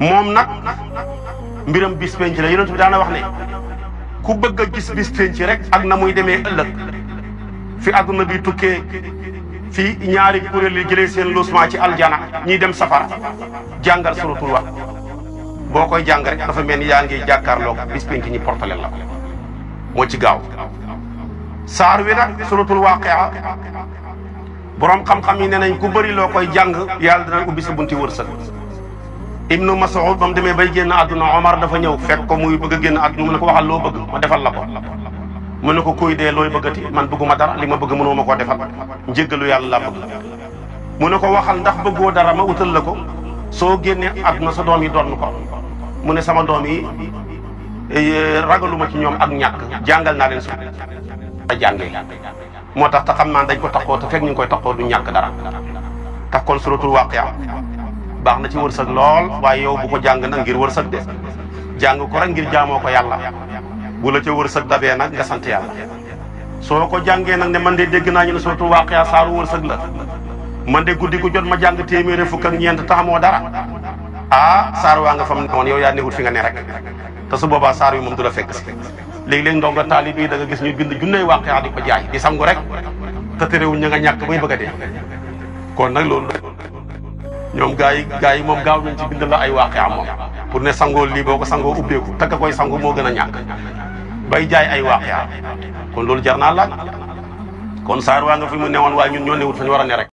moom nag mbiram bis penc la yonent bi daana wax ne ku bëgg a gis bis rek ak na muy demee ëllëg fi àdduna bi tukkee fi ñaari kuréel yi jëlee seen logement ci aljana ñiy dem safara jàngal suratul wax boo koy jàng rek dafa mel ni yaa ngi jàkkaarloog bis penc ñi portale la moo ci gaaw saar wi nag suratul waaqia boroom xam-xam yi ne nañ ku bëri loo koy jàng yàlla dina ubbi sa bunti wërsëg ibnu Mas'ud ba mu demee bay génn àdduna Omar dafa ñëw fekk ko muy bëgg génn àdduna mu ne ko waxal loo bëgg ma defal la ko mu ne ko kuy dee looy bëggati man bëgguma dara li ma bëgg mënoo ma koo defal a yàlla laa bëgg mu ne ko waxal ndax bëggoo dara ma utal la ko soo génnee àdduna sa doom yi doon ko mu ne sama doom yi eh, ragaluma ci ñoom ak ñàkk jàngal naa leen su a jàngee moo tax te xam naa dañ ko taxoo ta fekk ñu koy taxoo du ñàkk dara tax kon suratul waaqiya baxna ci wërsëg lool waye yow bu ko jang nag ngir wërsëg de jang ko rek ngir jamo ko yalla bu la ci wërsëg dabé nak nga sant yalla soo ko jàngee nag ne man dé dégg na ñu ne sootu waaqiya saaru wërsëg la man dé guddi gu jot ma jang téméré fuk ak ñent tax mo dara ah saar wa nga fam ne woon yow ya néwul fi nga né rek ta su boba saar yu moom dula fekk si léegi ndonga ndongo yi da nga gis ñu bind junney waqiya di ko jaay di sangu rek ta téréwul ñinga ñak muy bay bëgg a kon nak loolu ñoom gaa yi gaa yi moom gaaw nañ ci bind la ay waaqe am pour ne sangoo lii boo ko sangoo ubbeeku takk koy sangu moo a ñàkk bay jaay ay waaqe kon loolu jar naa laaj kon saar waa nga fi mu newoon waaye ñun ñoo ne rek